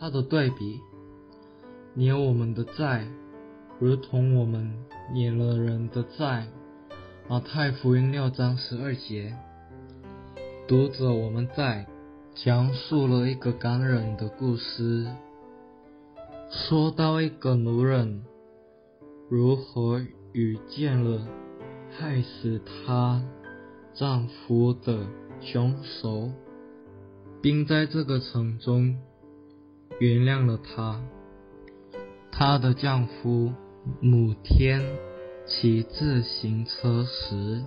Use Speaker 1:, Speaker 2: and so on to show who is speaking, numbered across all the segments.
Speaker 1: 祂的對比，免我們的債，如同我們免了人的債。馬太福音六章十二節，讀者，我們在講述了一個感人的故事，說到一個女人如何遇見了害死她丈夫的兇手，並在這個城中。原諒了她。她的丈夫某天騎自行車時，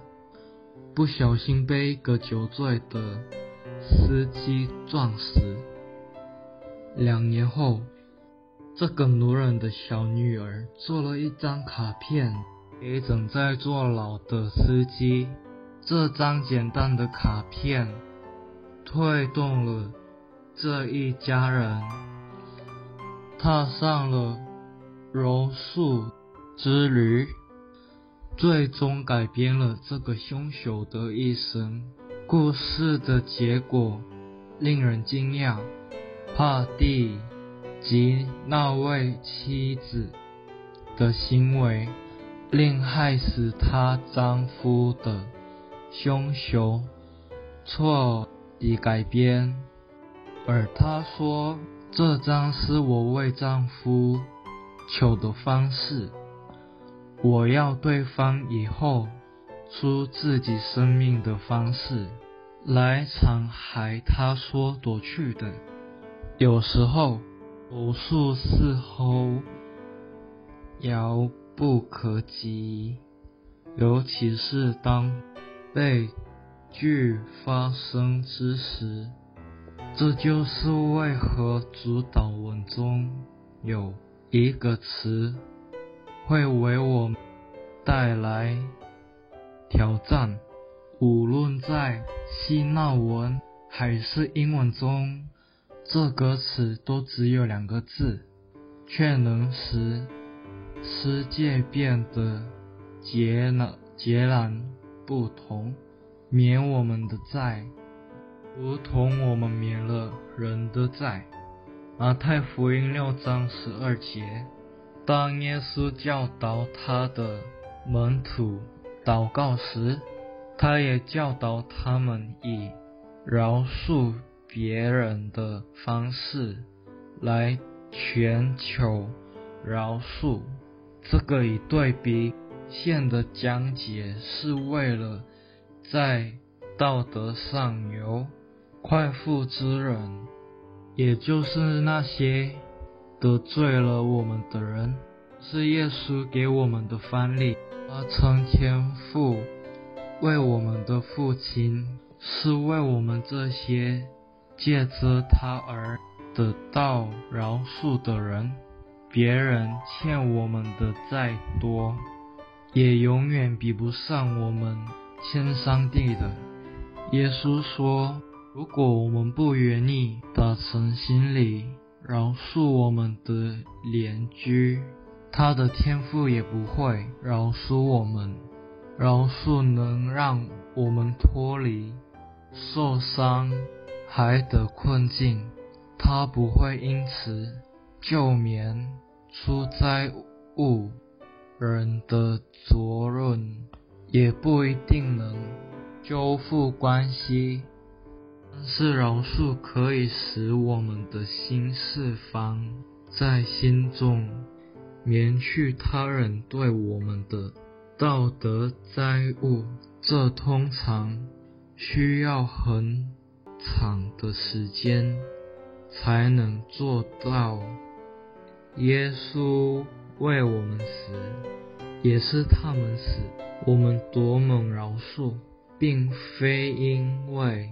Speaker 1: 不小心被一個酒醉的司機撞死。兩年後，這個女人的小女兒做了一張卡片給正在坐牢的司機。這張簡單的卡片推動了這一家人。踏上了饒恕之旅，最終改變了這個凶手的一生。故事的結果令人驚訝。帕蒂及那位妻子的行為令害死她丈夫的凶手徹底改變，而他說。這張是我為丈夫求的方式，我要對方以後出自己生命的方式來償還。他說：“奪去的，有時候無數似乎遙不可及，尤其是當悲劇發生之時。”這就是為何主禱文中有一個詞會為我們帶來挑戰。無論在希臘文還是英文中，這個詞都只有兩個字，卻能使世界變得截然截然不同。免我們的債。如同我們免了人的債，《馬太福音》六章十二節，當耶穌教導他的門徒禱告時，他也教導他們以饒恕別人的方式來尋求饒恕。這個以對比現的講解，是為了在道德上有。快負之人，也就是那些得罪了我們的人，是耶穌給我們的範例。他稱天父為我們的父親，是為我們這些借着他而得到饒恕的人。別人欠我們的再多，也永遠比不上我們欠上帝的。耶穌說。如果我們不願意打從心裡饒恕我們的鄰居，他的天父也不會饒恕我們。饒恕能讓我們脫離受傷害的困境，他不會因此救免出災物人的責任，也不一定能修復關係。但是饒恕可以使我們的心釋放在心中，免去他人對我們的道德債務。這通常需要很長的時間才能做到。耶穌為我們死，也是他們死。我們多蒙饒恕，並非因為。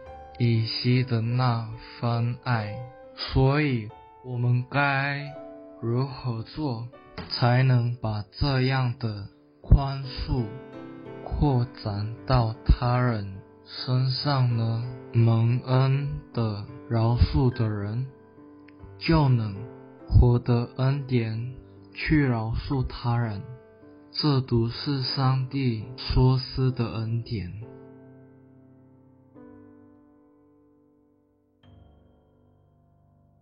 Speaker 1: 以西的那份愛，所以我們該如何做，才能把這樣的寬恕擴展到他人身上呢？蒙恩的饒恕的人，就能獲得恩典去饒恕他人，這都是上帝所賜的恩典。